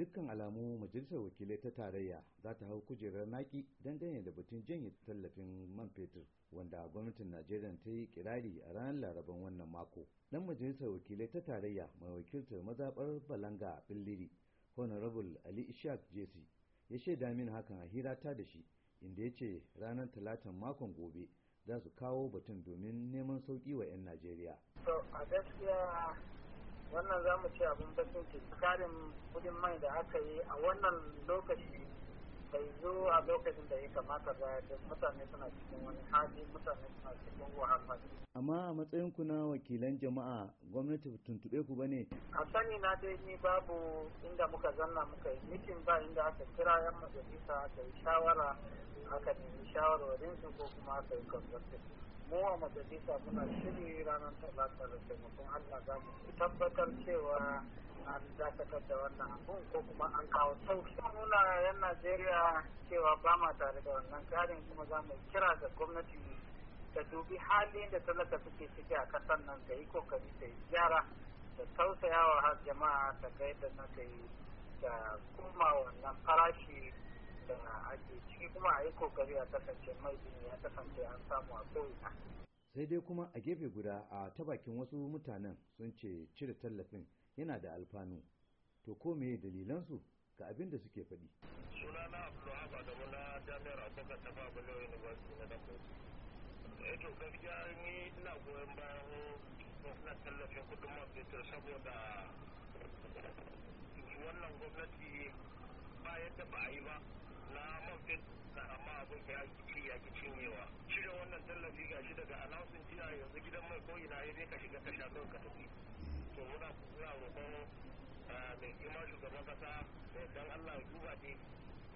dukkan alamu majalisar wakilai ta tarayya za ta hau kujerar naki dangane da batun janye tallafin man fetur wanda gwamnatin najeriya ta yi kirari a ranar laraban wannan mako dan majalisar wakilai ta tarayya mai wakiltar mazaɓar balanga billiri honorable ali ishaq jesse ya shaida min hakan a hira ta da shi inda ya ce ranar talatan makon gobe za su kawo batun domin neman sauki wa 'yan najeriya wannan za mu ce abin bakin ke karin kudin mai da aka yi a wannan lokaci bai zo a lokacin da ya kamata ba da mutane suna cikin wani hali mutane suna cikin wahala amma a matsayin ku na wakilan jama'a gwamnati tuntube ku bane a sani na dai ni babu inda muka zanna muka yi mitin ba inda aka kira yan majalisa aka yi shawara aka nemi shawarwarin su ko kuma aka yi consultation mu a majalisa muna shiri ranar talata da taimakon allah za mu tabbatar cewa an dakatar da wannan abun ko kuma an kawo sauki. nuna yan najeriya cewa ba ma tare da wannan karin kuma za mu kira ga gwamnati ta dubi halin da talaka suke ciki a kasan nan ta yi kokari ta yi gyara da tausayawa har jama'a ta ga yadda na ta yi da kuma wannan farashi da ake ciki kuma a yi kokari a kasance mai ya kasance an samu a ko'ina. sai dai kuma a gefe guda a ta bakin wasu mutanen sun ce cire tallafin yana da alfanu to ko me dalilansu ga abin da suke faɗi. sunana abdullahi adamu na jami'ar abubakar ta babalo university na dambo eh to gaskiya ni ina goyon bayan gwamnatin tallafin kudin man saboda wannan gwamnati ba yadda ba a yi ba na mafis na amma abin ya ci ya ki cinyewa da wannan tallafi ga shi daga alhausin jiya yanzu gidan mai ko ina ya ka shiga ka sha don ka tafi to muna muna roƙon mai kima shugaban kasa dan Allah ya duba ne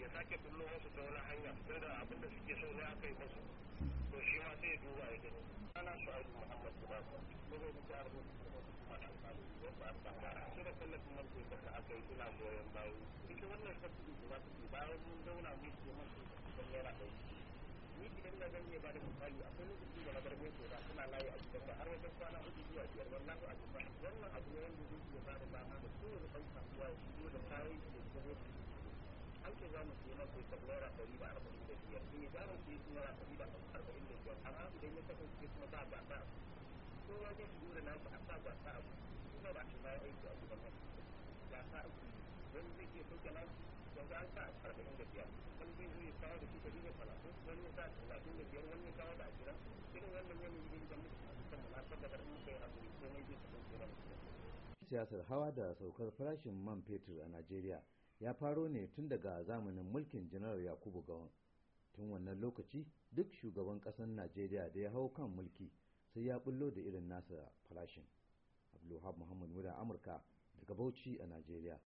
ya sake kullo musu ta wani hanya da abin da suke so ne aka yi musu to shi ma sai ya duba ya gani ana so a yi muhammad kuma ba ko zai bi ta arzikin da ba ta amfani da ba ta amfani da tallafin man da aka yi suna goyon bayan wannan sabbi da ba su bayan mun zauna mun ce mun ce ban yana da ni idan na ganye ba da misali akwai lokaci da na garbe ko da suna layi a cikin har wajen kwana uku zuwa biyar wannan a cikin wannan abu ne wanda zai iya bada dama da kowane ɗan kasuwa ya shigo da kayan da ya zo an ce za mu ce masa ya tafi naira ɗari da arba'in da biyar ne za mu ce naira ɗari da arba'in da biyar amma idan ya kasance kuma ba ba ba kowa zai shigo da nasu a sa ba sa abu kuma ba a shi bayan aiki a cikin zai da wani ya da da wani ya da biyar wani ya da wannan wani da na komai tafi siyasar hawa da saukar farashin man fetur a najeriya ya faro ne tun daga zamanin mulkin janar yakubu gawan tun wannan lokaci duk shugaban ƙasar najeriya da ya hau kan mulki sai ya bullo da irin nasa farashin abdulhab muhammad muda amurka daga bauchi a najeriya